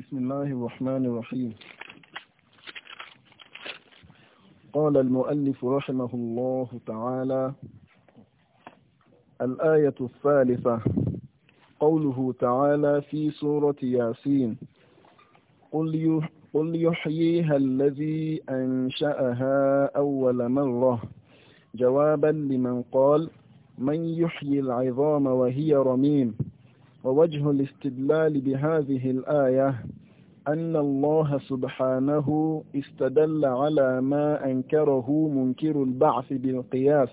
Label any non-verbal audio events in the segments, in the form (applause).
بسم الله الرحمن الرحيم قال المؤلف رحمه الله تعالى الآية الثالثة قوله تعالى في سورة ياسين قل قل يحييها الذي أنشأها أول مرة جوابا لمن قال من يحيي العظام وهي رميم ووجه الاستدلال بهذه الآية أن الله سبحانه استدل على ما أنكره منكر البعث بالقياس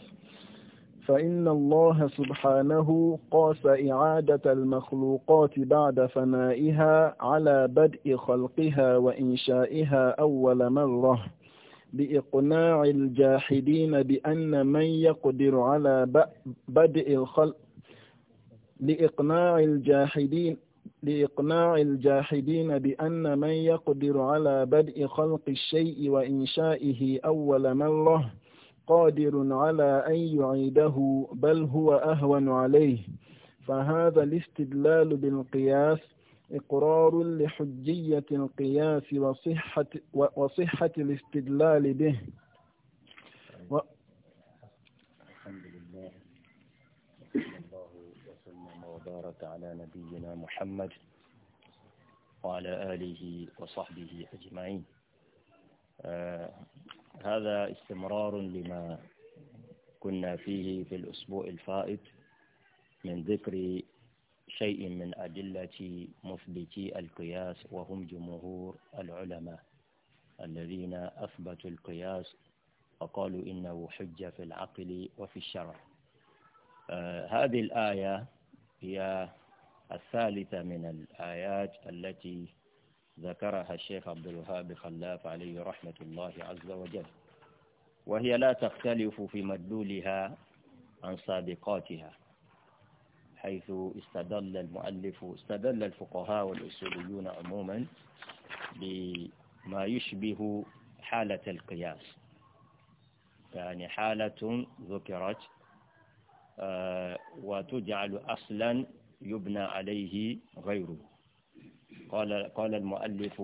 فإن الله سبحانه قاس إعادة المخلوقات بعد فنائها على بدء خلقها وإنشائها أول مرة بإقناع الجاحدين بأن من يقدر على بدء الخلق لإقناع الجاحدين لإقناع الجاحدين بأن من يقدر على بدء خلق الشيء وإنشائه أول مرة قادر على أن يعيده بل هو أهون عليه فهذا الاستدلال بالقياس إقرار لحجية القياس وصحة, وصحة الاستدلال به و... الحمد لله وسلم وبارك على نبينا محمد وعلى آله وصحبه أجمعين آه هذا استمرار لما كنا فيه في الأسبوع الفائت من ذكر شيء من أدلة مثبتي القياس وهم جمهور العلماء الذين أثبتوا القياس وقالوا إنه حجة في العقل وفي الشرع آه، هذه الآية هي الثالثة من الآيات التي ذكرها الشيخ عبد الوهاب خلاف عليه رحمة الله عز وجل وهي لا تختلف في مدلولها عن سابقاتها حيث استدل المؤلف استدل الفقهاء والأصوليون عموما بما يشبه حالة القياس يعني حالة ذكرت وتجعل أصلا يبنى عليه غيره قال, قال المؤلف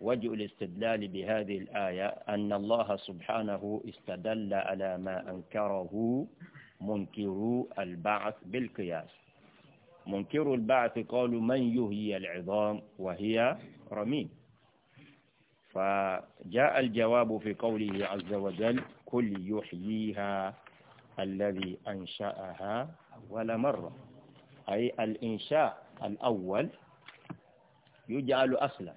وجه الاستدلال بهذه الآية أن الله سبحانه استدل على ما أنكره منكرو البعث بالقياس منكرو البعث قالوا من يهي العظام وهي رميم فجاء الجواب في قوله عز وجل كل يحييها الذي أنشأها أول مرة أي الإنشاء الأول يجعل أصلا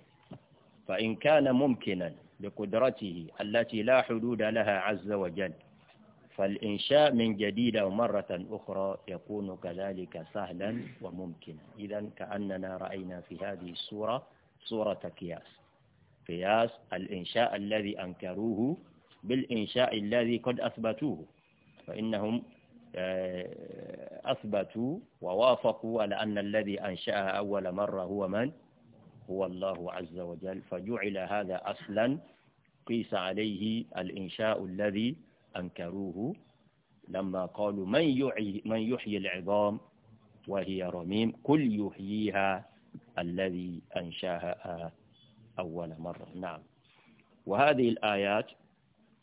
فإن كان ممكنا بقدرته التي لا حدود لها عز وجل فالإنشاء من جديد ومرة أخرى يكون كذلك سهلا وممكنا إذا كأننا رأينا في هذه الصورة صورة قياس قياس الإنشاء الذي أنكروه بالإنشاء الذي قد أثبتوه فإنهم آه، أثبتوا ووافقوا على أن الذي أنشأها أول مرة هو من؟ هو الله عز وجل فجعل هذا أصلا قيس عليه الإنشاء الذي أنكروه لما قالوا من يحيي, من يحيي العظام وهي رميم كل يحييها الذي أنشاها آه، أول مرة نعم وهذه الآيات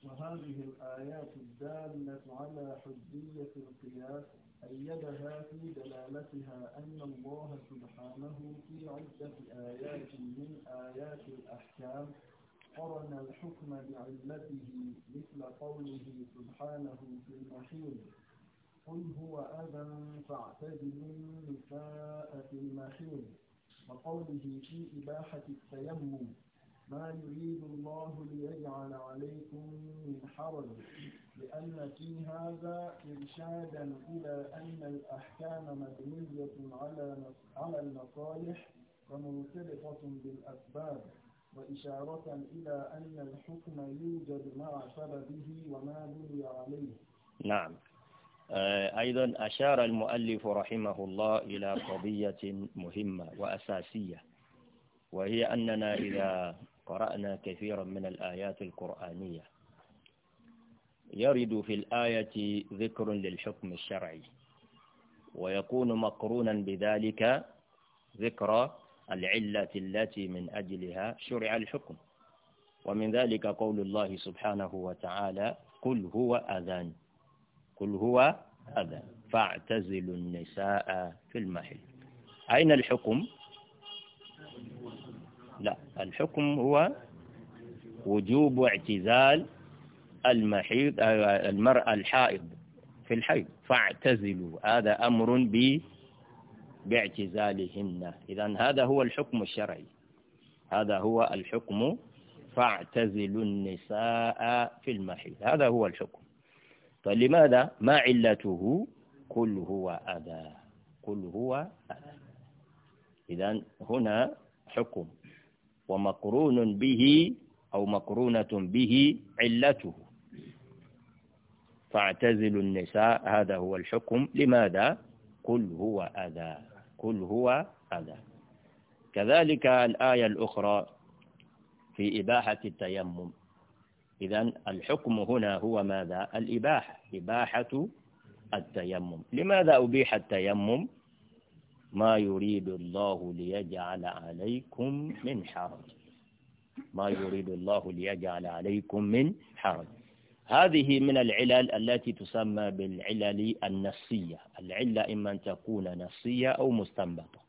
وهذه الآيات الدالة على حجية القياس أيدها في دلالتها أن الله سبحانه في عدة آيات من آيات الأحكام قرن الحكم بعلته مثل قوله سبحانه في المحيط قل هو أذى فاعتزلوا النساء في المحيط وقوله في إباحة التيمم ما يريد الله ليجعل عليكم من حرج لأن في هذا إرشادا إلى أن الأحكام مبنية على على المصالح ومنطلقة بالأسباب وإشارة إلى أن الحكم يوجد مع سببه وما بني عليه نعم آه، أيضا أشار المؤلف رحمه الله إلى قضية مهمة وأساسية وهي أننا إذا قرأنا كثيرا من الآيات القرآنية يرد في الآية ذكر للحكم الشرعي ويكون مقرونا بذلك ذكر العلة التي من أجلها شرع الحكم ومن ذلك قول الله سبحانه وتعالى قل هو أذان قل هو أذان فاعتزلوا النساء في المحل أين الحكم لا الحكم هو وجوب اعتزال المحيض المرأة الحائض في الحيض فاعتزلوا هذا أمر ب باعتزالهن إذا هذا هو الحكم الشرعي هذا هو الحكم فاعتزلوا النساء في المحيض هذا هو الحكم فلماذا طيب، ما علته قل هو أذى قل هو أذى إذا هنا حكم ومقرون به أو مقرونة به علته فاعتزلوا النساء هذا هو الحكم لماذا قل هو أذى قل هو أذى كذلك الآية الأخرى في إباحة التيمم إذا الحكم هنا هو ماذا الإباحة إباحة التيمم لماذا أبيح التيمم ما يريد الله ليجعل عليكم من حرج ما يريد الله ليجعل عليكم من حرج هذه من العلل التي تسمى بالعلل النفسية العلة إما أن تكون نفسية أو مستنبطة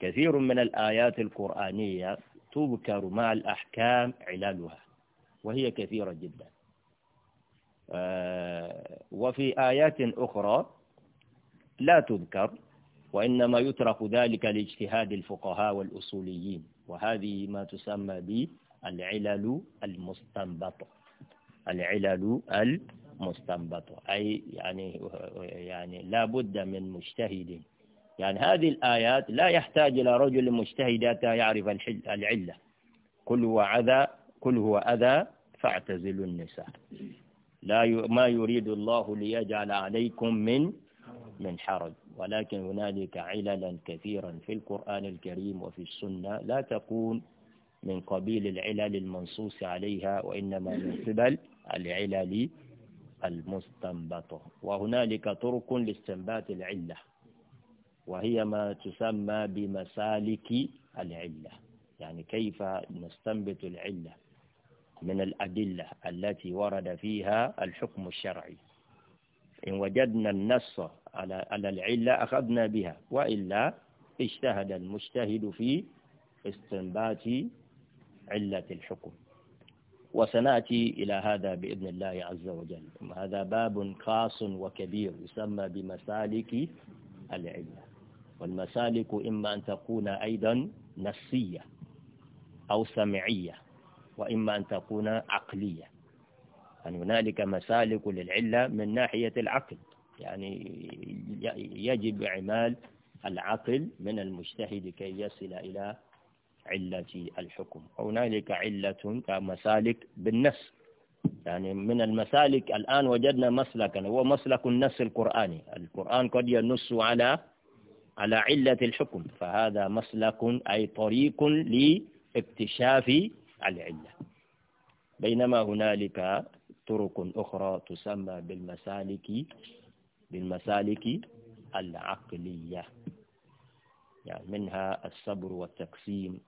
كثير من الآيات القرآنية تذكر مع الأحكام عللها وهي كثيرة جدا آه، وفي آيات أخرى لا تذكر وإنما يترك ذلك لاجتهاد الفقهاء والأصوليين وهذه ما تسمى بالعلل المستنبطة العلل المستنبطة أي يعني يعني لا بد من مجتهد يعني هذه الآيات لا يحتاج إلى رجل مجتهد حتى يعرف العلة كل هو أذى كل هو أذى فاعتزلوا النساء لا ي... ما يريد الله ليجعل عليكم من من حرج ولكن هنالك عللا كثيرا في القرآن الكريم وفي السنة لا تكون من قبيل العلل المنصوص عليها وإنما من قبل العلل المستنبطة وهنالك طرق لاستنباط العلة وهي ما تسمى بمسالك العلة يعني كيف نستنبط العلة من الأدلة التي ورد فيها الحكم الشرعي إن وجدنا النص على على العلة أخذنا بها وإلا اجتهد المجتهد في استنبات علة الحكم وسنأتي إلى هذا بإذن الله عز وجل هذا باب خاص وكبير يسمى بمسالك العلة والمسالك إما أن تكون أيضا نصية أو سمعية وإما أن تكون عقلية أن هنالك مسالك للعلة من ناحية العقل يعني يجب إعمال العقل من المجتهد كي يصل إلى علة الحكم هنالك علة كمسالك بالنفس يعني من المسالك الآن وجدنا مسلكا هو مسلك النص القرآني القرآن قد ينص على على علة الحكم فهذا مسلك أي طريق لاكتشاف العلة بينما هنالك طرق أخرى تسمى بالمسالك بالمسالك العقلية يعني منها الصبر والتقسيم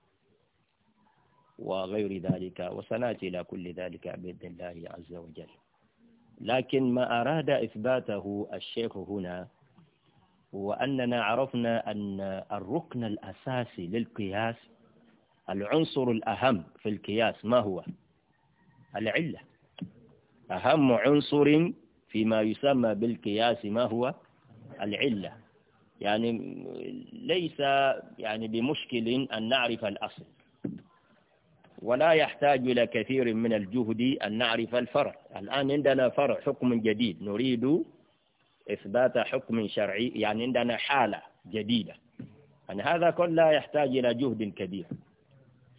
وغير ذلك وسنأتي إلى كل ذلك بإذن الله عز وجل لكن ما أراد إثباته الشيخ هنا هو أننا عرفنا أن الركن الأساسي للقياس العنصر الأهم في القياس ما هو العلة أهم عنصر فيما يسمى بالقياس ما هو العلة يعني ليس يعني بمشكل أن نعرف الأصل ولا يحتاج إلى كثير من الجهد أن نعرف الفرع الآن عندنا فرع حكم جديد نريد إثبات حكم شرعي يعني عندنا حالة جديدة أن يعني هذا كله يحتاج إلى جهد كبير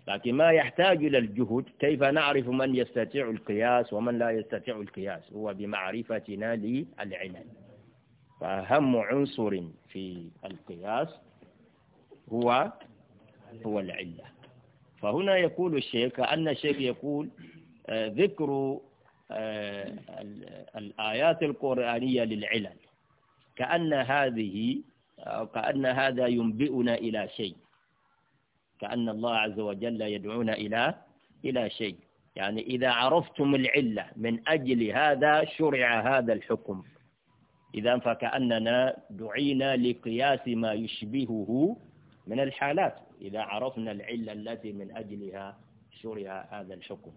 لكن ما يحتاج إلى الجهد كيف نعرف من يستطيع القياس ومن لا يستطيع القياس هو بمعرفتنا للعلل فأهم عنصر في القياس هو هو العلة فهنا يقول الشيخ أن الشيخ يقول آه، ذكر آه، الآيات القرآنية للعلل كأن هذه كأن هذا ينبئنا إلى شيء كأن الله عز وجل يدعونا إلى إلى شيء يعني إذا عرفتم العلة من أجل هذا شرع هذا الحكم إذا فكأننا دعينا لقياس ما يشبهه من الحالات إذا عرفنا العلة التي من أجلها شرع هذا الحكم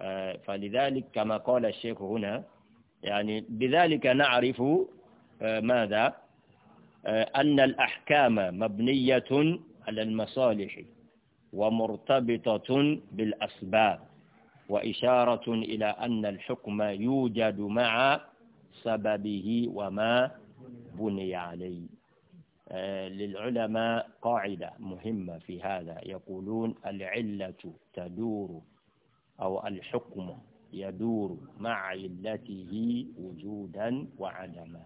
آه، فلذلك كما قال الشيخ هنا يعني بذلك نعرف آه، ماذا آه، أن الأحكام مبنية على المصالح ومرتبطة بالأسباب وإشارة إلى أن الحكم يوجد مع سببه وما بني عليه آه، للعلماء قاعدة مهمة في هذا يقولون العلة تدور أو الحكم يدور مع علته وجودا وعدما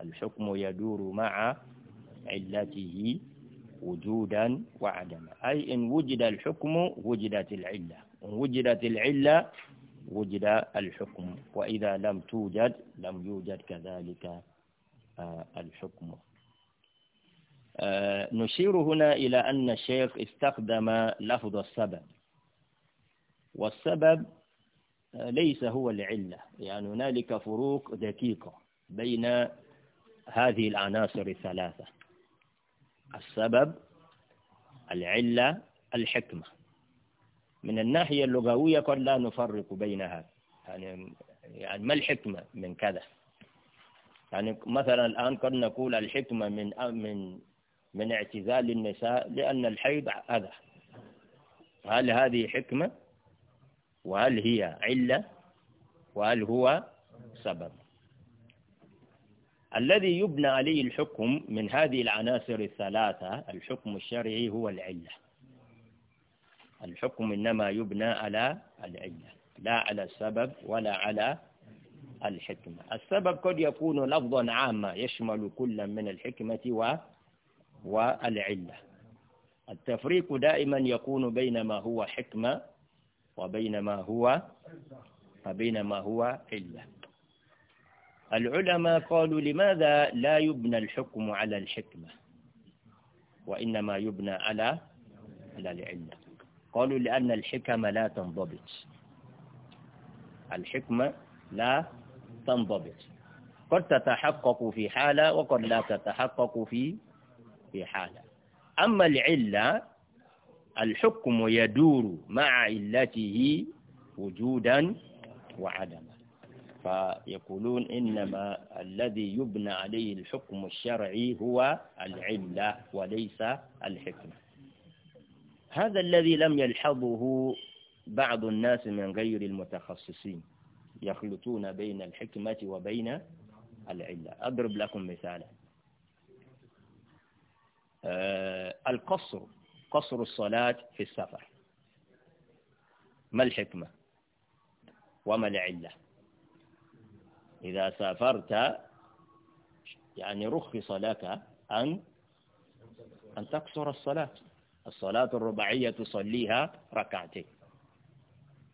الحكم يدور مع علته وجودا وعدما أي إن وجد الحكم وجدت العلة إن وجدت العلة وجد الحكم وإذا لم توجد لم يوجد كذلك آه، الحكم آه، نشير هنا إلى أن الشيخ استخدم لفظ السبب والسبب آه، ليس هو العلة يعني هنالك فروق دقيقة بين هذه العناصر الثلاثة السبب العلة الحكمة من الناحية اللغوية قد لا نفرق بينها يعني, يعني ما الحكمة من كذا يعني مثلا الآن قد نقول الحكمة من من من اعتزال النساء لأن الحيض أذى هل هذه حكمة وهل هي علة وهل هو سبب الذي يبنى عليه الحكم من هذه العناصر الثلاثة الحكم الشرعي هو العلة الحكم إنما يبنى على العلة لا على السبب ولا على الحكمة السبب قد يكون لفظا عاما يشمل كل من الحكمة و... والعلة التفريق دائما يكون بين ما هو حكمة وبين ما هو وبين ما هو علة العلماء قالوا لماذا لا يبنى الحكم على الحكمة وإنما يبنى على على العلة قالوا لأن الحكمة لا تنضبط الحكمة لا تنضبط قد تتحقق في حالة وقد لا تتحقق في في حالة أما العلة الحكم يدور مع علته وجودا وعدما فيقولون إنما الذي يبنى عليه الحكم الشرعي هو العلة وليس الحكمة هذا الذي لم يلحظه بعض الناس من غير المتخصصين يخلطون بين الحكمة وبين العلة أضرب لكم مثالا آه، القصر قصر الصلاة في السفر ما الحكمة وما العلة إذا سافرت يعني رخص لك أن أن تقصر الصلاة الصلاة الرباعية تصليها ركعتين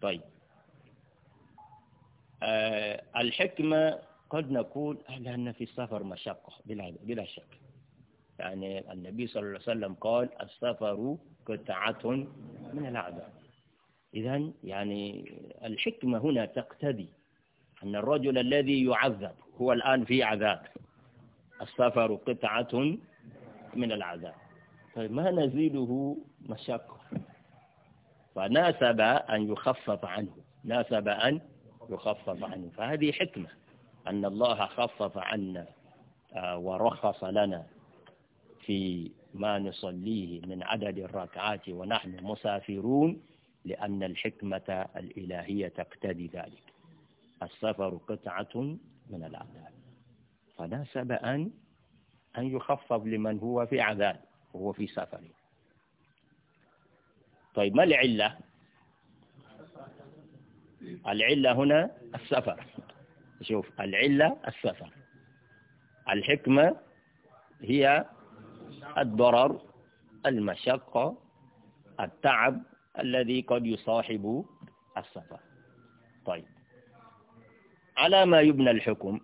طيب أه الحكمة قد نقول لأن في السفر مشقة بلا, بلا شك يعني النبي صلى الله عليه وسلم قال السفر قطعة من العذاب إذا يعني الحكمة هنا تقتدي أن الرجل الذي يعذب هو الآن في عذاب السفر قطعة من العذاب طيب ما نزيله مشقة فناسب أن يخفف عنه ناسب أن يخفف عنه فهذه حكمة أن الله خفف عنا آه، ورخص لنا في ما نصليه من عدد الركعات ونحن مسافرون لأن الحكمة الإلهية تقتدي ذلك السفر قطعة من العذاب فناسب أن أن يخفف لمن هو في عذاب وهو في سفر طيب ما العلة العلة هنا السفر شوف العلة السفر الحكمة هي الضرر المشقة التعب الذي قد يصاحب السفر على ما يبنى الحكم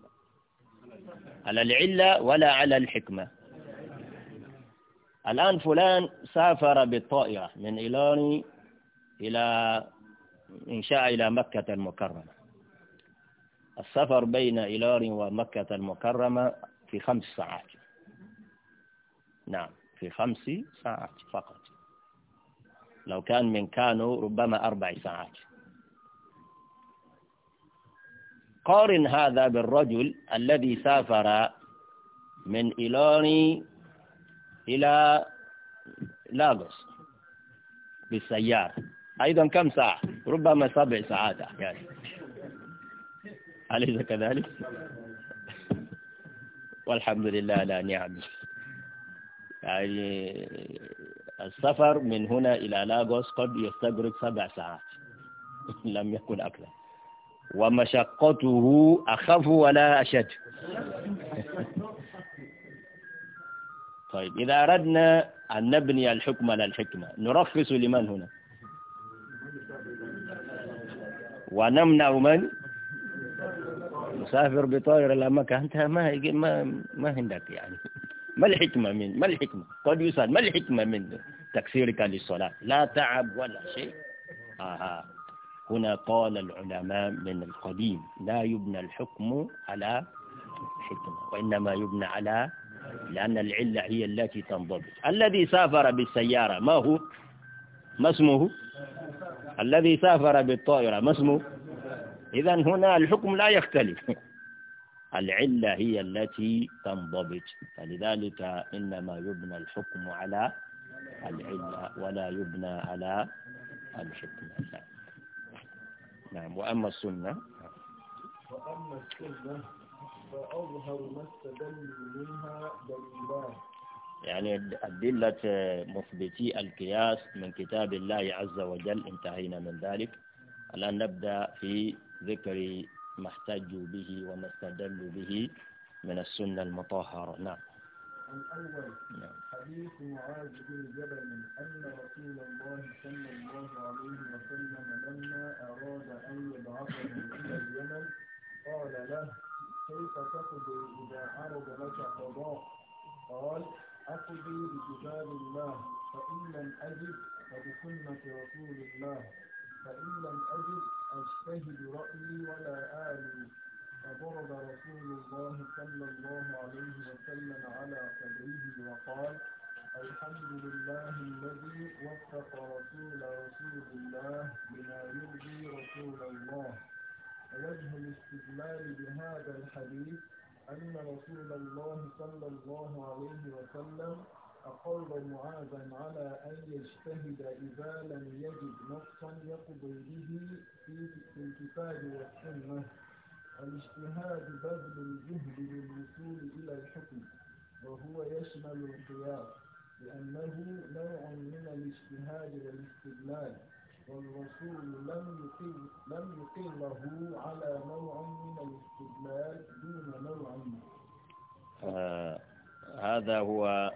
على العلة ولا على الحكمة الآن فلان سافر بالطائرة من إيلاني إلى إن شاء إلى مكة المكرمة السفر بين إيلاني ومكة المكرمة في خمس ساعات نعم في خمس ساعات فقط لو كان من كانوا ربما أربع ساعات قارن هذا بالرجل الذي سافر من إيلوري إلى لاغوس بالسيارة أيضا كم ساعة ربما سبع ساعات أحيانا يعني. أليس كذلك والحمد لله لا نعم يعني السفر من هنا إلى لاغوس قد يستغرق سبع ساعات (laughs) لم يكن أكثر ومشقته أخف ولا أشد (laughs) طيب إذا أردنا أن نبني الحكم على الحكمة نرخص لمن هنا ونمنع من مسافر بطائر إلى مكة أنت ما ما ما عندك يعني (laughs) ما الحكمة من ما الحكمة قد يسأل ما الحكمة من تكسيرك للصلاة لا تعب ولا شيء آه. هنا قال العلماء من القديم لا يبنى الحكم على حكمة وإنما يبنى على لأن العلة هي التي تنضبط الذي سافر بالسيارة ما هو ما اسمه الذي سافر بالطائرة ما اسمه إذا هنا الحكم لا يختلف (laughs) العلة هي التي تنضبط فلذلك إنما يبنى الحكم على العلة ولا يبنى على الحكمة نعم وأما السنة وأما السنة فأظهر ما استدل منها دليلان يعني أدلة مثبتي القياس من كتاب الله عز وجل انتهينا من ذلك الآن نبدأ في ذكر ما احتجوا به وما استدلوا به من السنة المطهرة نعم الأول نعم. حديث معاذ بن جبل أن رسول الله صلى الله عليه وسلم لما أراد أن يبعثه إلى اليمن قال له كيف تقضي إذا عرض لك قضاء قال أقضي بكتاب الله فإن لم أجد فبسنة رسول الله فإن لم أجد أجتهد رأيي ولا آلي فضرب رسول الله صلى الله عليه وسلم على صدره وقال الحمد لله الذي وفق رسول رسول الله بما يرضي رسول الله وجه الاستدلال بهذا الحديث أن رسول الله صلى الله عليه وسلم أقر معاذا على أن يجتهد إذا لم يجد نصا يقضي به في الكتاب والسنة الاجتهاد بذل الجهد للوصول إلى الحكم وهو يشمل الخيار لأنه نوع من الاجتهاد والاستدلال والرسول لم يقل لم يقله على نوع من الاستدلال دون نوع آه هذا هو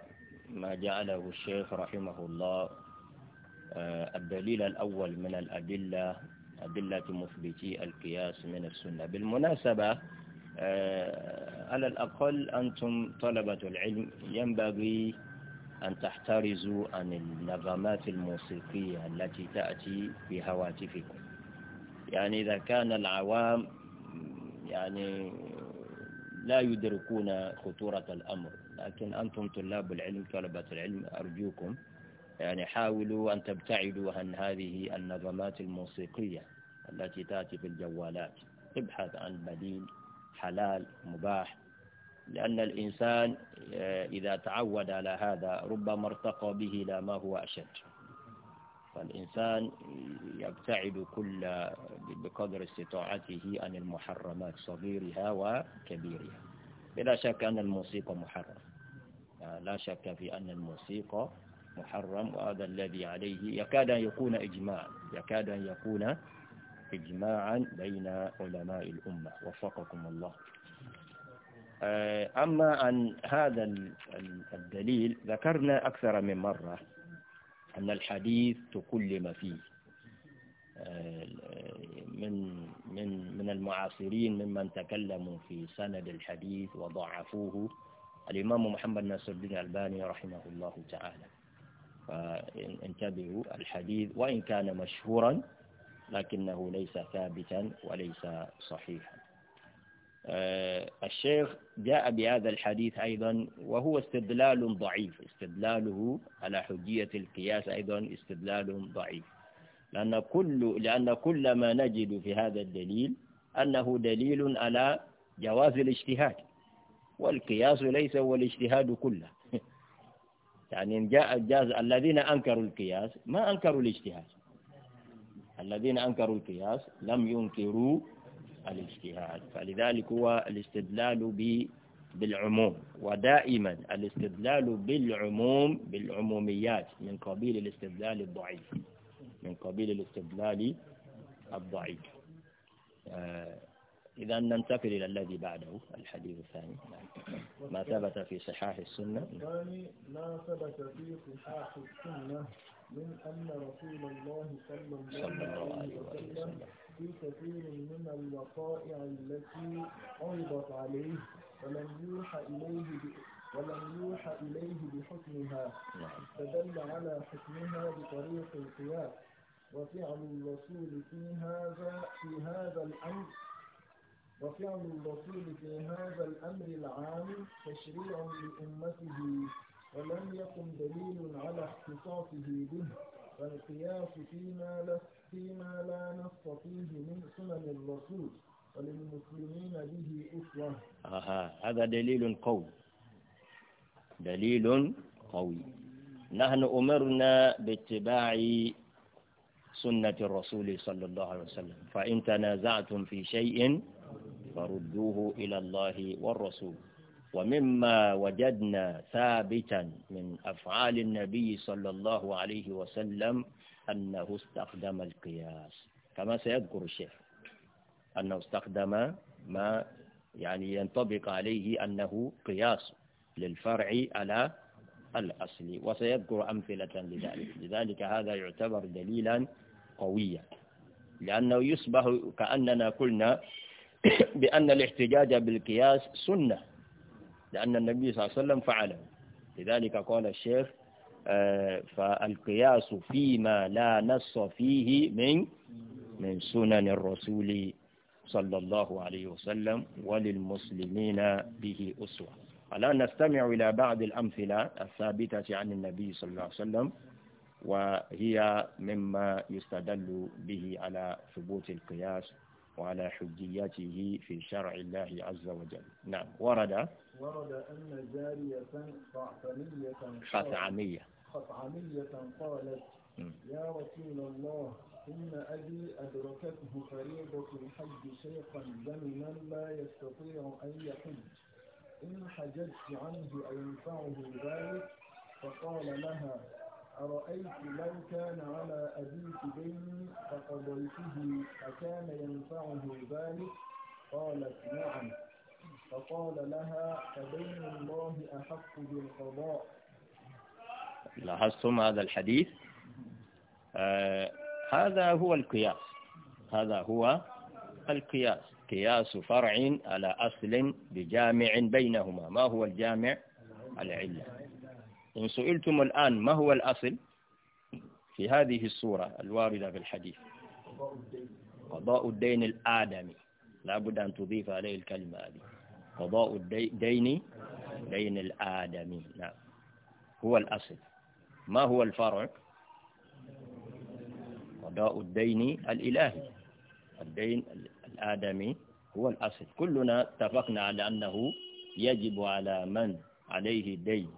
ما جعله الشيخ رحمه الله آه، الدليل الأول من الأدلة أدلة مثبتي القياس من السنة بالمناسبة آه، على الأقل أنتم طلبة العلم ينبغي أن تحترزوا عن النغمات الموسيقية التي تأتي بهواتفكم يعني إذا كان العوام يعني لا يدركون خطورة الأمر لكن أنتم طلاب العلم طلبة العلم أرجوكم يعني حاولوا أن تبتعدوا عن هذه النغمات الموسيقية التي تأتي في الجوالات ابحث عن بديل حلال مباح لأن الإنسان آه، إذا تعود على هذا ربما ارتقى به إلى ما هو أشد فالإنسان يبتعد كل بقدر استطاعته عن المحرمات صغيرها وكبيرها بلا شك أن الموسيقى محرم لا شك في أن الموسيقى محرم وهذا الذي عليه يكاد أن يكون إجماعا يكاد أن يكون إجماعا بين علماء الأمة وفقكم الله آه، أما عن هذا الدليل ذكرنا أكثر من مرة أن الحديث تكلم فيه آه، من من من المعاصرين ممن تكلموا في سند الحديث وضعفوه الإمام محمد ناصر الدين الألباني رحمه الله تعالى فانتبهوا الحديث وإن كان مشهورا لكنه ليس ثابتا وليس صحيحا آه، الشيخ جاء بهذا الحديث أيضا وهو استدلال ضعيف استدلاله على حجية القياس أيضا استدلال ضعيف لأن كل, لأن كل ما نجد في هذا الدليل أنه دليل على جواز الاجتهاد والقياس ليس هو الاجتهاد كله يعني جاء جاز الذين أنكروا القياس ما أنكروا الاجتهاد الذين أنكروا القياس لم ينكروا الاجتهاد فلذلك هو الاستدلال بالعموم ودائما الاستدلال بالعموم بالعموميات من قبيل الاستدلال الضعيف من قبيل الاستدلال الضعيف آه إذا ننتقل إلى الذي بعده الحديث الثاني نعم. ما ثبت في صحاح السنة نعم. الثاني ما ثبت في صحاح السنة من أن رسول الله صلى الله عليه وسلم في كثير من الوقائع التي عرضت عليه ولم يوحى إليه ولم يوحى إليه بحكمها نعم. فدل على حكمها بطريق القياس وفعل الرسول في هذا في هذا الأمر وفعل الرسول في هذا الأمر العام تشريع لأمته ولم يكن دليل على اختصاصه به والقياس فيما لا فيما لا نص فيه من سنن الرسول وللمسلمين به أسوة. أها هذا دليل قوي. دليل قوي. نحن أمرنا باتباع سنة الرسول صلى الله عليه وسلم فإن تنازعتم في شيء فردوه إلى الله والرسول ومما وجدنا ثابتا من أفعال النبي صلى الله عليه وسلم أنه استخدم القياس كما سيذكر الشيخ أنه استخدم ما يعني ينطبق عليه أنه قياس للفرع على الأصل وسيذكر أمثلة لذلك لذلك هذا يعتبر دليلا قويا لأنه يصبح كأننا قلنا (coughs) بأن الاحتجاج بالقياس سنة لأن النبي صلى الله عليه وسلم فعله لذلك قال الشيخ آه، فالقياس فيما لا نص فيه من من سنن الرسول صلى الله عليه وسلم وللمسلمين به أسوة الآن نستمع إلى بعض الأمثلة الثابتة عن النبي صلى الله عليه وسلم وهي مما يستدل به على ثبوت القياس وعلى حجيته في شرع الله عز وجل نعم ورد ورد أن جارية خطعمية خطعمية خطعمية قالت يا رسول الله إن أبي أدركته فريضة الحج شيخا زمنا لا يستطيع أن يحج إن حججت عنه أينفعه ذلك فقال لها أرأيت لو كان على أبيك دين فقضيته أكان ينفعه ذلك قالت نعم فقال لها فدين الله أحق بالقضاء لاحظتم هذا الحديث آه هذا هو القياس هذا هو القياس قياس فرع على أصل بجامع بينهما ما هو الجامع العلة إن سئلتم الآن ما هو الأصل في هذه الصورة الواردة في الحديث قضاء الدين الآدمي لابد أن تضيف عليه الكلمة هذه قضاء الدين دين الآدمي نعم هو الأصل ما هو الفرع قضاء الدين الإلهي الدين الآدمي هو الأصل كلنا اتفقنا على أنه يجب على من عليه دين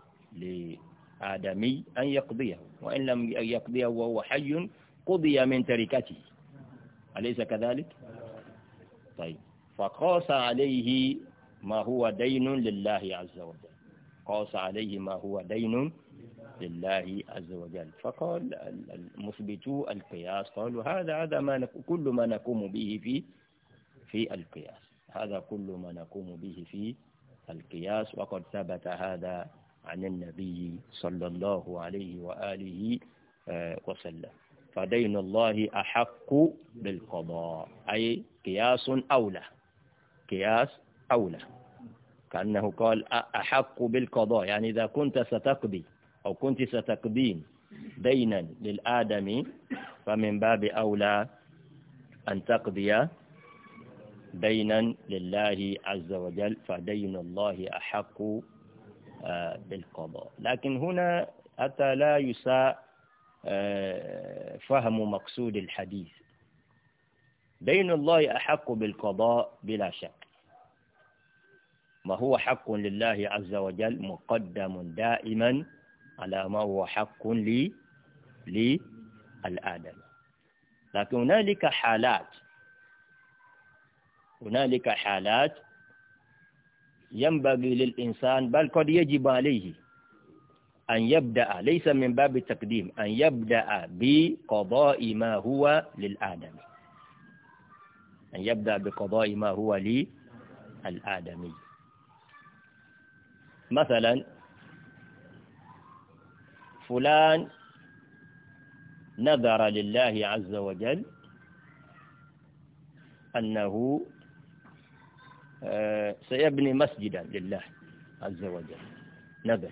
آدمي أن يقضيه وإن لم يقضيه وهو حي قضي من تركته أليس كذلك؟ طيب فقاس عليه ما هو دين لله عز وجل قاس عليه ما هو دين لله عز وجل فقال المثبتو القياس قالوا هذا هذا ما كل ما نقوم به في في القياس هذا كل ما نقوم به في القياس وقد ثبت هذا عن النبي صلى الله عليه وآله آه، وسلم فدين الله أحق بالقضاء أي قياس أولى قياس أولى كأنه قال أحق بالقضاء يعني إذا كنت ستقضي أو كنت ستقضين دينا للآدم فمن باب أولى أن تقضي دينا لله عز وجل فدين الله أحق بالقضاء لكن هنا حتى لا يساء آه، فهم مقصود الحديث دين الله أحق بالقضاء بلا شك ما هو حق لله عز وجل مقدم دائما على ما هو حق لي للآدم لكن هنالك حالات هنالك حالات ينبغي للإنسان بل قد يجب عليه أن يبدأ ليس من باب التقديم أن يبدأ بقضاء ما هو للآدمي أن يبدأ بقضاء ما هو للآدمي مثلا فلان نذر لله عز وجل أنه آه، سيبني مسجدا لله عز وجل نبه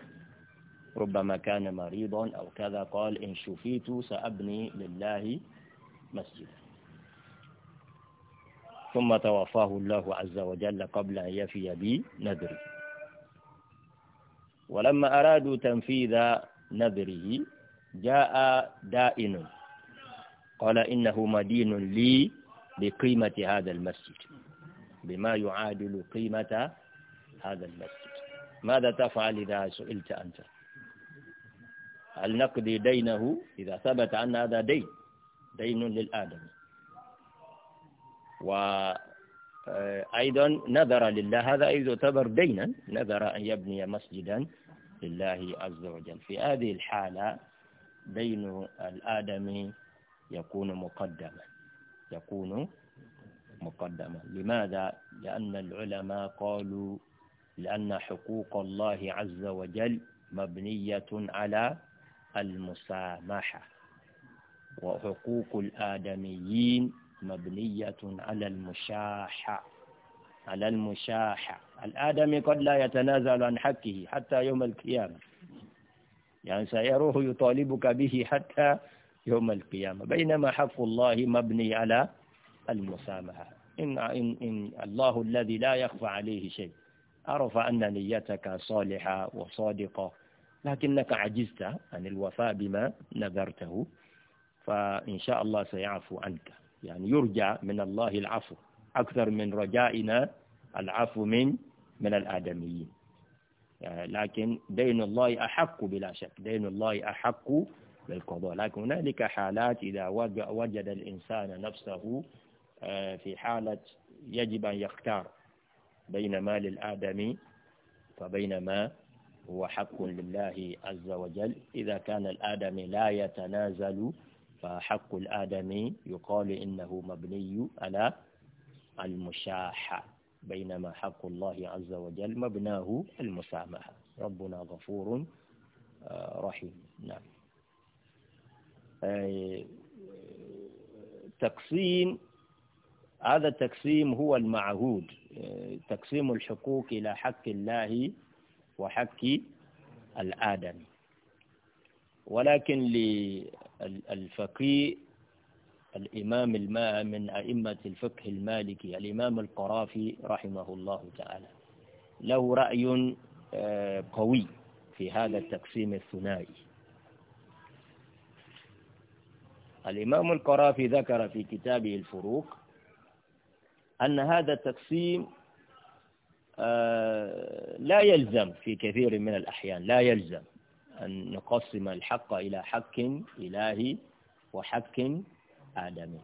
ربما كان مريضا أو كذا قال إن شفيت سأبني لله مسجدا ثم توفاه الله عز وجل قبل أن يفي بي نذري ولما أرادوا تنفيذ نذره جاء دائن قال إنه مدين لي بقيمة هذا المسجد بما يعادل قيمة هذا المسجد ماذا تفعل إذا سئلت أنت هل نقضي دينه إذا ثبت أن هذا دين دين للآدم وأيضا آه، نذر لله هذا إذا يعتبر دينا نذر أن يبني مسجدا لله عز وجل في هذه الحالة دين الآدمي يكون مقدما يكون مقدمة لماذا؟ لأن العلماء قالوا لأن حقوق الله عز وجل مبنية على المسامحة وحقوق الآدميين مبنية على المشاحة على المشاحة الآدمي قد لا يتنازل عن حقه حتى يوم القيامة يعني سيروه يطالبك به حتى يوم القيامة بينما حق الله مبني على المسامحة إن, إن, إن الله الذي لا يخفى عليه شيء عرف أن نيتك صالحة وصادقة لكنك عجزت عن الوفاء بما نذرته فإن شاء الله سيعفو عنك يعني يرجى من الله العفو أكثر من رجائنا العفو من من الآدميين يعني لكن دين الله أحق بلا شك دين الله أحق بالقضاء لكن هنالك حالات إذا وجد الإنسان نفسه آه، في حالة يجب أن يختار بين مال الآدمي فبين ما هو حق لله عز وجل إذا كان الآدمي لا يتنازل فحق الآدمي يقال إنه مبني على المشاحة بينما حق الله عز وجل مبناه المسامحة ربنا غفور آه، رحيم نعم آه، تقسيم هذا التقسيم هو المعهود تقسيم الحقوق إلى حق الله وحق الآدم ولكن للفقي الإمام الماء من أئمة الفقه المالكي الإمام القرافي رحمه الله تعالى له رأي آه، قوي في هذا التقسيم الثنائي الإمام القرافي ذكر في كتابه الفروق أن هذا التقسيم آه، لا يلزم في كثير من الأحيان لا يلزم أن نقسم الحق إلى حق إلهي وحق آدمي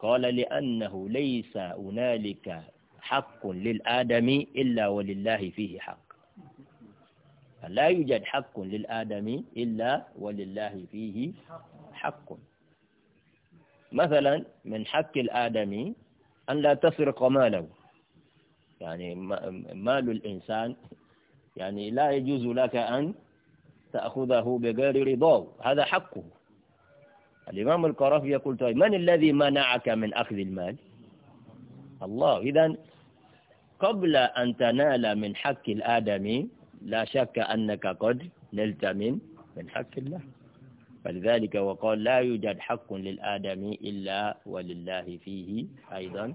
قال لأنه ليس هنالك حق للآدمي إلا ولله فيه حق لا يوجد حق للآدمي إلا ولله فيه حق مثلا من حق الآدمي أن لا تسرق ماله يعني مال الإنسان يعني لا يجوز لك أن تأخذه بغير رضاه هذا حقه الإمام القرافي يقول طيب من الذي منعك من أخذ المال الله إذا قبل أن تنال من حق الآدمي لا شك أنك قد نلت من من حق الله فلذلك وقال لا يوجد حق للآدمي إلا ولله فيه أيضا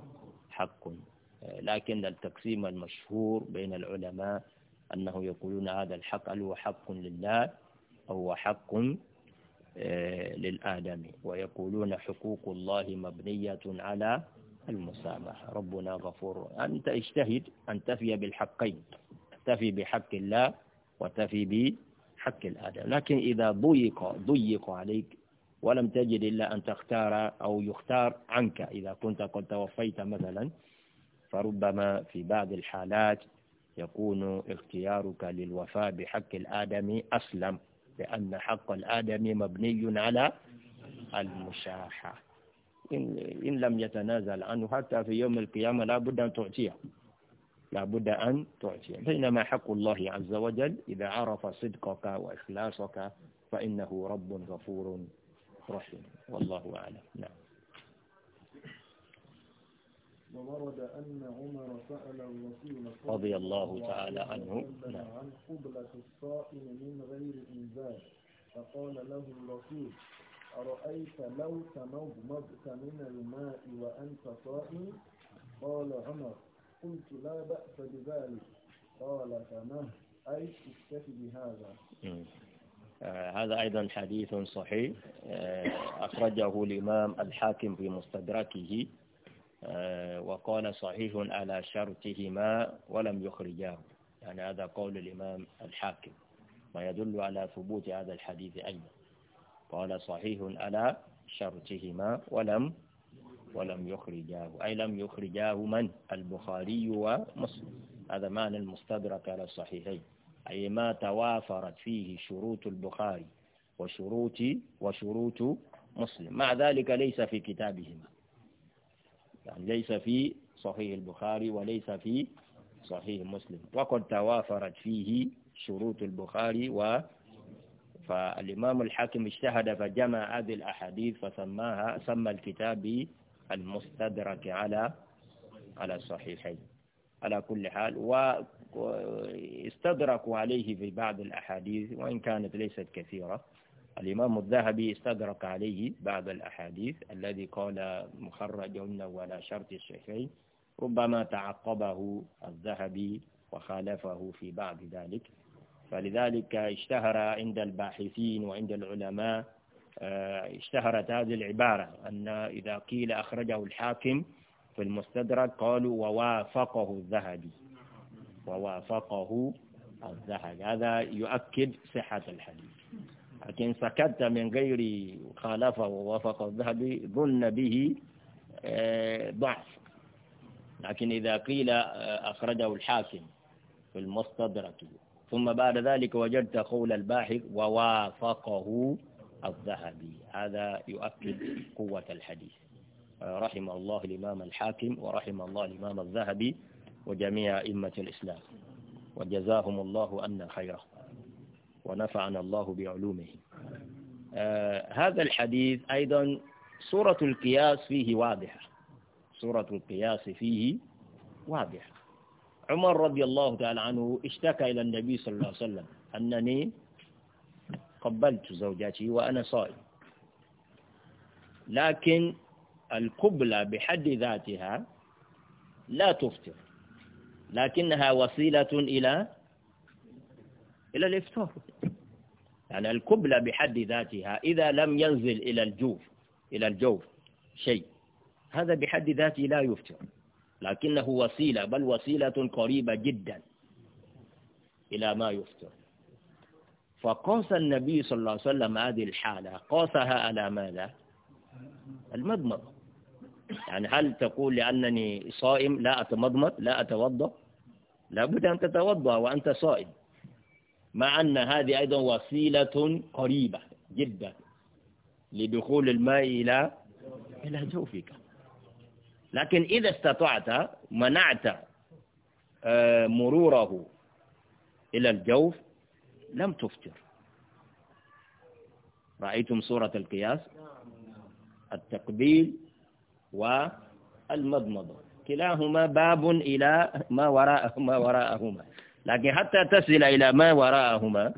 حق لكن التقسيم المشهور بين العلماء أنه يقولون هذا الحق هل هو حق لله أو حق آه، للآدمي ويقولون حقوق الله مبنية على المسامحة ربنا غفور أنت اجتهد أن تفي بالحقين تفي بحق الله وتفي حق الآدم لكن إذا ضيق ضيق عليك ولم تجد إلا أن تختار أو يختار عنك إذا كنت قد توفيت مثلا فربما في بعض الحالات يكون اختيارك للوفاء بحق الآدم أسلم لأن حق الآدم مبني على المشاحة إن, إن لم يتنازل عنه حتى في يوم القيامة لا بد أن تعطيه لابد أن تعطي بينما حق الله عز وجل إذا عرف صدقك وإخلاصك فإنه رب غفور رحيم والله أعلم نعم وورد أن عمر سأل الرسول رضي الله تعالى عنه نعم. عن قبلة الصائم من غير إنزال فقال له الرسول أرأيت لو تمضمضت من الماء وأنت صائم قال عمر قلت لا بأس بذلك قال فمه أي اكتفي بهذا آه، هذا أيضا حديث صحيح آه، أخرجه الإمام الحاكم في مستدركه آه، وقال صحيح على شرطهما ولم يخرجاه يعني هذا قول الإمام الحاكم ما يدل على ثبوت هذا الحديث أيضا قال صحيح على شرطهما ولم ولم يخرجاه أي لم يخرجاه من البخاري ومسلم هذا معنى المستدرك على الصحيحين أي ما توافرت فيه شروط البخاري وشروط وشروط مسلم مع ذلك ليس في كتابهما يعني ليس في صحيح البخاري وليس في صحيح مسلم وقد توافرت فيه شروط البخاري و فالإمام الحاكم اجتهد فجمع هذه الأحاديث فسماها سمى الكتاب المستدرك على على الصحيحين على كل حال واستدركوا عليه في بعض الأحاديث وإن كانت ليست كثيرة الإمام الذهبي استدرك عليه بعض الأحاديث الذي قال مخرجون ولا شرط الشيخين ربما تعقبه الذهبي وخالفه في بعض ذلك فلذلك اشتهر عند الباحثين وعند العلماء آه، اشتهرت هذه العبارة أن إذا قيل أخرجه الحاكم في المستدرك قالوا ووافقه الذهبي ووافقه الذهبي هذا يؤكد صحة الحديث لكن سكت من غير خالفه ووافق الذهبي ظن به آه، ضعف لكن إذا قيل آه، أخرجه الحاكم في المستدرك ثم بعد ذلك وجدت قول الباحث ووافقه الذهبي هذا يؤكد قوة الحديث رحم الله الإمام الحاكم ورحم الله الإمام الذهبي وجميع أئمة الإسلام وجزاهم الله أن خيره ونفعنا الله بعلومه آه، هذا الحديث أيضا سورة القياس فيه واضحة سورة القياس فيه واضحة عمر رضي الله تعالى عنه اشتكى إلى النبي صلى الله عليه وسلم أنني قبلت زوجتي وأنا صائم لكن القبلة بحد ذاتها لا تفطر لكنها وسيلة إلى إلى الإفطار يعني القبلة بحد ذاتها إذا لم ينزل إلى الجوف إلى الجوف شيء هذا بحد ذاته لا يفطر لكنه وسيلة بل وسيلة قريبة جدا إلى ما يفطر فقاس النبي صلى الله عليه وسلم هذه الحالة قاسها على ماذا المضمضة يعني هل تقول لأنني صائم لا أتمضمض لا أتوضأ لابد أن تتوضأ وأنت صائم مع أن هذه أيضا وسيلة قريبة جدا لدخول الماء إلى إلى جوفك لكن إذا استطعت منعت آه، مروره إلى الجوف لم تفطر رأيتم صورة القياس التقبيل والمضمضة كلاهما باب إلى ما وراء ما وراءهما لكن حتى تصل إلى ما وراءهما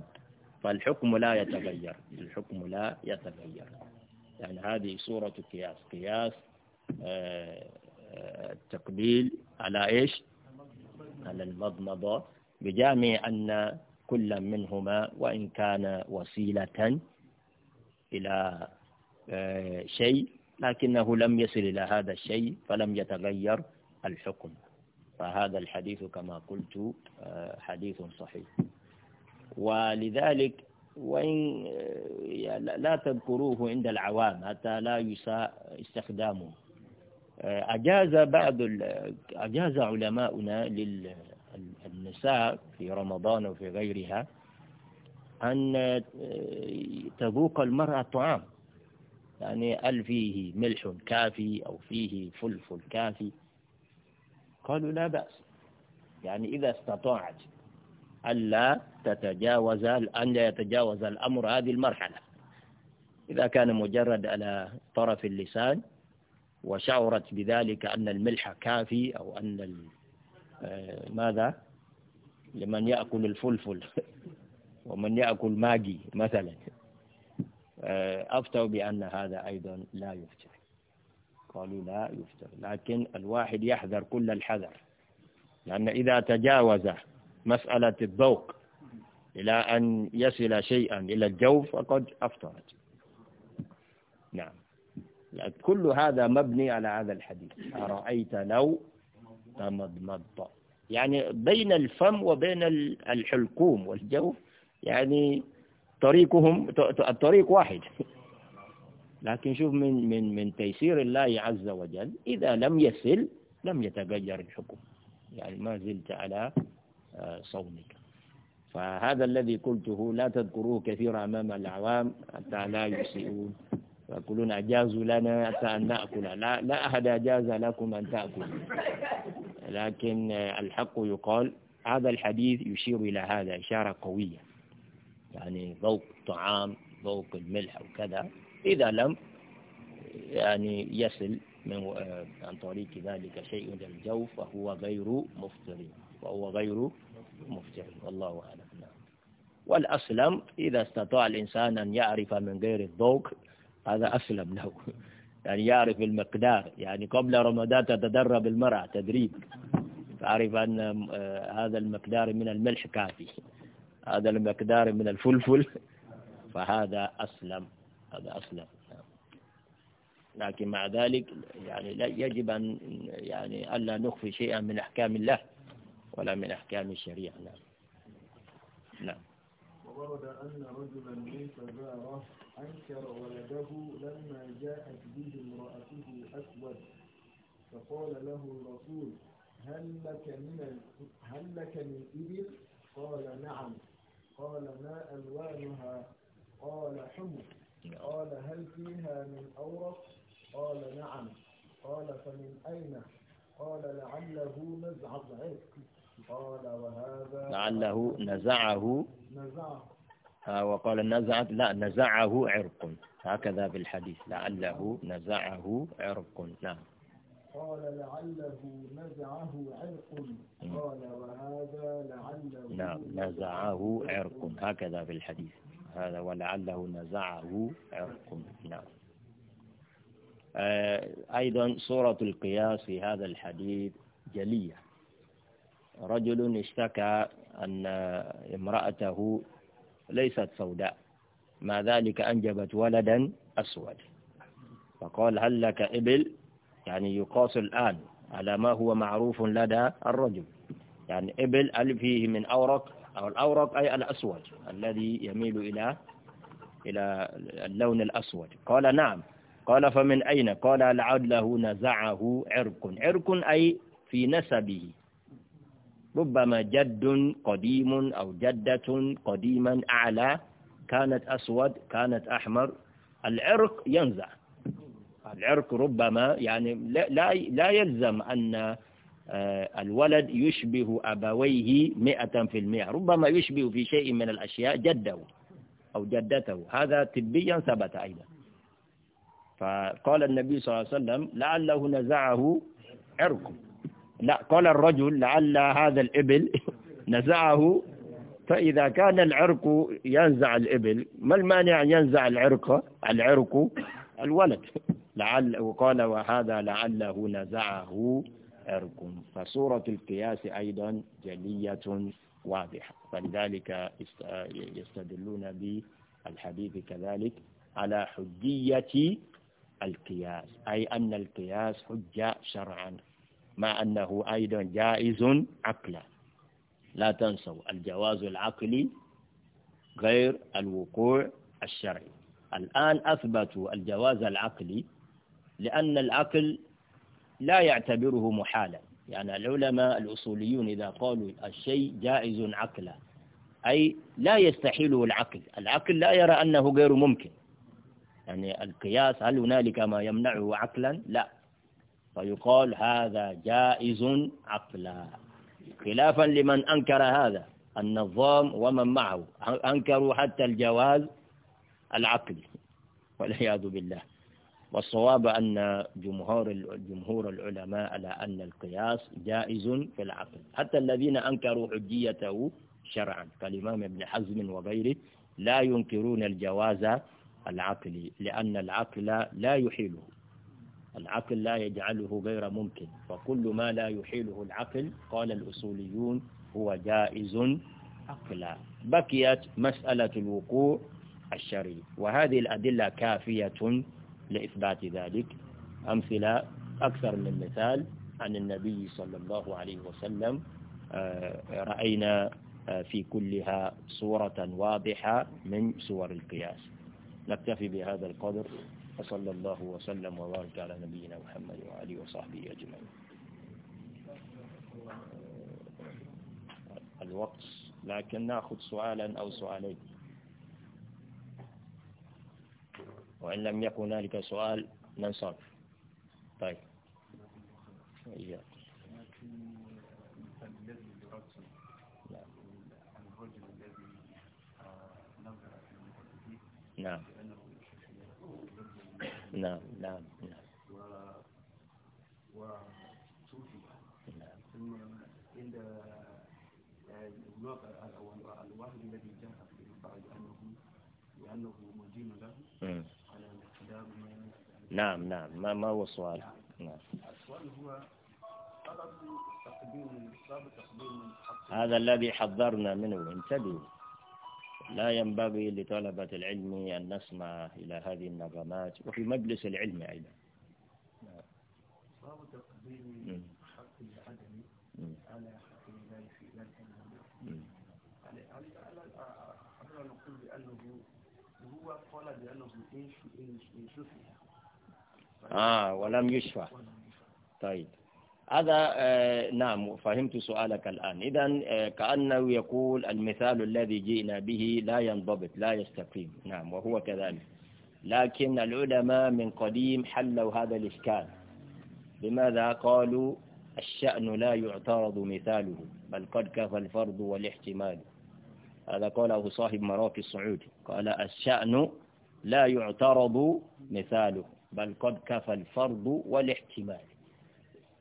فالحكم لا يتغير الحكم لا يتغير يعني هذه صورة قياس قياس آه، آه، التقبيل على إيش على المضمضة بجامع أن كل منهما وإن كان وسيلة إلى آه، شيء لكنه لم يصل إلى هذا الشيء فلم يتغير الحكم فهذا الحديث كما قلت آه، حديث صحيح ولذلك وإن آه، لا تذكروه عند العوام حتى لا يساء استخدامه أجاز بعض أجاز علماؤنا لل النساء في رمضان وفي غيرها أن آه، تذوق المرأة الطعام يعني هل فيه ملح كافي أو فيه فلفل كافي قالوا لا بأس يعني إذا استطاعت ألا تتجاوز أن لا يتجاوز الأمر هذه المرحلة إذا كان مجرد على طرف اللسان وشعرت بذلك أن الملح كافي أو أن آه، ماذا لمن يأكل الفلفل (laughs) ومن يأكل ماجي مثلا آه، أفتوا بأن هذا أيضا لا يفتر قالوا لا يفتر لكن الواحد يحذر كل الحذر لأن إذا تجاوز مسألة الذوق إلى أن يصل شيئا إلى الجوف فقد أفطرت نعم كل هذا مبني على هذا الحديث أرأيت لو تمضمضت يعني بين الفم وبين الحلقوم والجوف يعني طريقهم الطريق واحد (laughs) لكن شوف من من من تيسير الله عز وجل إذا لم يسل لم يتغير الحكم يعني ما زلت على آه، صومك فهذا الذي قلته لا تذكروه كثيرا أمام العوام حتى لا يسيئون يقولون أجازوا لنا أن نأكل لا, لا أحد أجاز لكم أن تأكل لكن الحق يقال هذا الحديث يشير إلى هذا إشارة قوية يعني ذوق الطعام ذوق الملح وكذا إذا لم يعني يصل من عن طريق ذلك شيء إلى الجوف فهو غير مفطر فهو غير مفطر والله أعلم نعم. والأسلم إذا استطاع الإنسان أن يعرف من غير الذوق هذا أسلم له يعني يعرف المقدار يعني قبل رمضان تتدرب المرأة تدريب تعرف أن آه، هذا المقدار من الملح كافي هذا المقدار من الفلفل فهذا أسلم هذا أسلم لكن مع ذلك يعني لا يجب أن يعني ألا نخفي شيئا من أحكام الله ولا من أحكام الشريعة نعم نعم وورد أن رجلا ليس زاره أنكر ولده لما جاءت به امرأته أسود فقال له الرسول هل لك من هل لك من إبل؟ قال نعم قال ما ألوانها؟ قال حمر قال هل فيها من أورق؟ قال نعم قال فمن أين؟ قال لعله نزع العرق قال وهذا لعله نزعه نزعه وقال نزعت لا نزعه عرق هكذا في الحديث لعله نزعه عرق نعم قال لعله نزعه عرق قال وهذا لعله نعم نزعه عرق هكذا في الحديث هذا ولعله نزعه عرق نعم آه، أيضا صورة القياس في هذا الحديث جلية رجل اشتكى أن امرأته ليست سوداء ما ذلك أنجبت ولدا أسود فقال هل لك إبل يعني يقاس الآن على ما هو معروف لدى الرجل يعني إبل أل فيه من أورق أو الأورق أي الأسود الذي يميل إلى إلى اللون الأسود قال نعم قال فمن أين قال لعله نزعه عرق عرق أي في نسبه ربما جد قديم أو جدة قديما أعلى كانت أسود كانت أحمر العرق ينزع العرق ربما يعني لا, لا يلزم أن آه، الولد يشبه أبويه مئة في المئة ربما يشبه في شيء من الأشياء جده أو جدته هذا طبيا ثبت أيضا فقال النبي صلى الله عليه وسلم لعله نزعه عرقه لا قال الرجل لعل هذا الإبل (laughs) نزعه فإذا كان العرق ينزع الإبل ما المانع أن ينزع العرق العرق الولد لعل وقال وهذا لعله نزعه عرق فصورة القياس أيضا جلية واضحة فلذلك يستدلون بالحديث كذلك على حجية القياس أي أن القياس حجة شرعا مع أنه أيضا جائز عقلا لا تنسوا الجواز العقلي غير الوقوع الشرعي الآن أثبتوا الجواز العقلي لأن العقل لا يعتبره محالا يعني العلماء الأصوليون إذا قالوا الشيء جائز عقلا أي لا يستحيله العقل العقل لا يرى أنه غير ممكن يعني القياس هل هنالك ما يمنعه عقلا لا فيقال هذا جائز عقلا خلافا لمن أنكر هذا النظام ومن معه أنكروا حتى الجواز العقلي والعياذ بالله والصواب أن جمهور جمهور العلماء على أن القياس جائز في العقل حتى الذين أنكروا حجيته شرعا كالإمام ابن حزم وغيره لا ينكرون الجواز العقلي لأن العقل لا يحيله العقل لا يجعله غير ممكن فكل ما لا يحيله العقل قال الأصوليون هو جائز عقلا بقيت مسألة الوقوع الشري وهذه الأدلة كافية لإثبات ذلك أمثلة أكثر من مثال عن النبي صلى الله عليه وسلم آه، رأينا آه، في كلها صورة واضحة من صور القياس نكتفي بهذا القدر وصلى الله وسلم وبارك على نبينا محمد وعلى وصحبه أجمعين الوقت لكن نأخذ سؤالا أو سؤالين وإن لم يكن هنالك سؤال ننصرف طيب نعم نعم نعم نعم و... وتوفي نعم ثم عند الواقع الواحد الذي جاء في بعد أنه لأنه مدين له على الاقتدام نعم نعم ما ما هو السؤال؟ نعم السؤال هو طلب تقديم تقديم هذا الذي حذرنا منه انتبهوا لا ينبغي لطلبة العلم أن نسمع إلى هذه النغمات وفي مجلس العلم أيضا باب تقديم حق العدم على حق الله في ذلك يعني، يعني علينا نقول بأنه هو قال بأنه إيش إن شفي آه ولم يشفى طيب هذا آه، نعم فهمت سؤالك الآن إذا آه، كأنه يقول المثال الذي جئنا به لا ينضبط لا يستقيم نعم وهو كذلك لكن العلماء من قديم حلوا هذا الإشكال لماذا قالوا الشأن لا يعترض مثاله بل قد كفى الفرض والاحتمال هذا قاله صاحب مراكز الصعود قال الشأن لا يعترض مثاله بل قد كفى الفرض والاحتمال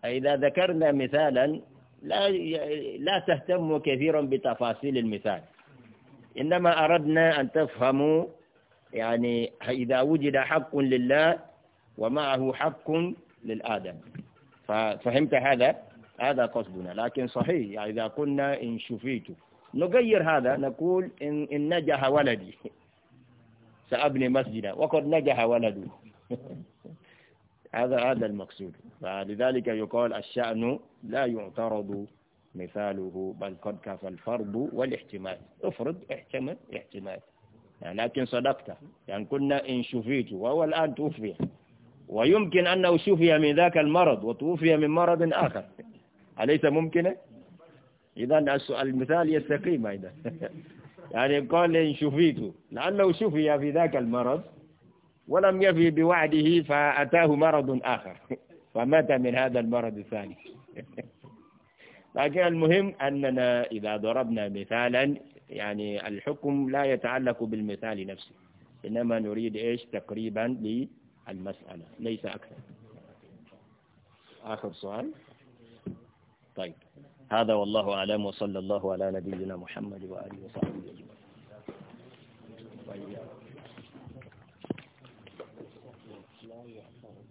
فإذا ذكرنا مثالا لا لا تهتموا كثيرا بتفاصيل المثال إنما أردنا أن تفهموا يعني إذا وجد حق لله ومعه حق للآدم ففهمت هذا هذا قصدنا لكن صحيح يعني إذا قلنا إن شفيت نغير هذا نقول إن, إن نجح ولدي (laughs) سأبني مسجدا وقد نجح ولده (laughs) هذا هذا المقصود فلذلك يقال الشأن لا يعترض مثاله بل قد كفى الفرض والاحتمال افرض احتمل احتمال يعني لكن صدقت يعني كنا إن شفيت وهو الآن توفي ويمكن أنه شفي من ذاك المرض وتوفي من مرض آخر أليس ممكنا؟ إذا المثال يستقيم أيضا (laughs) يعني قال إن شفيت لأنه شفي في ذاك المرض ولم يفي بوعده فأتاه مرض آخر (laughs) فمات من هذا المرض الثاني (laughs) لكن المهم أننا إذا ضربنا مثالا يعني الحكم لا يتعلق بالمثال نفسه إنما نريد إيش تقريبا للمسألة ليس أكثر آخر سؤال طيب هذا والله أعلم وصلى الله على نبينا محمد وآله وصحبه أجمعين اليوم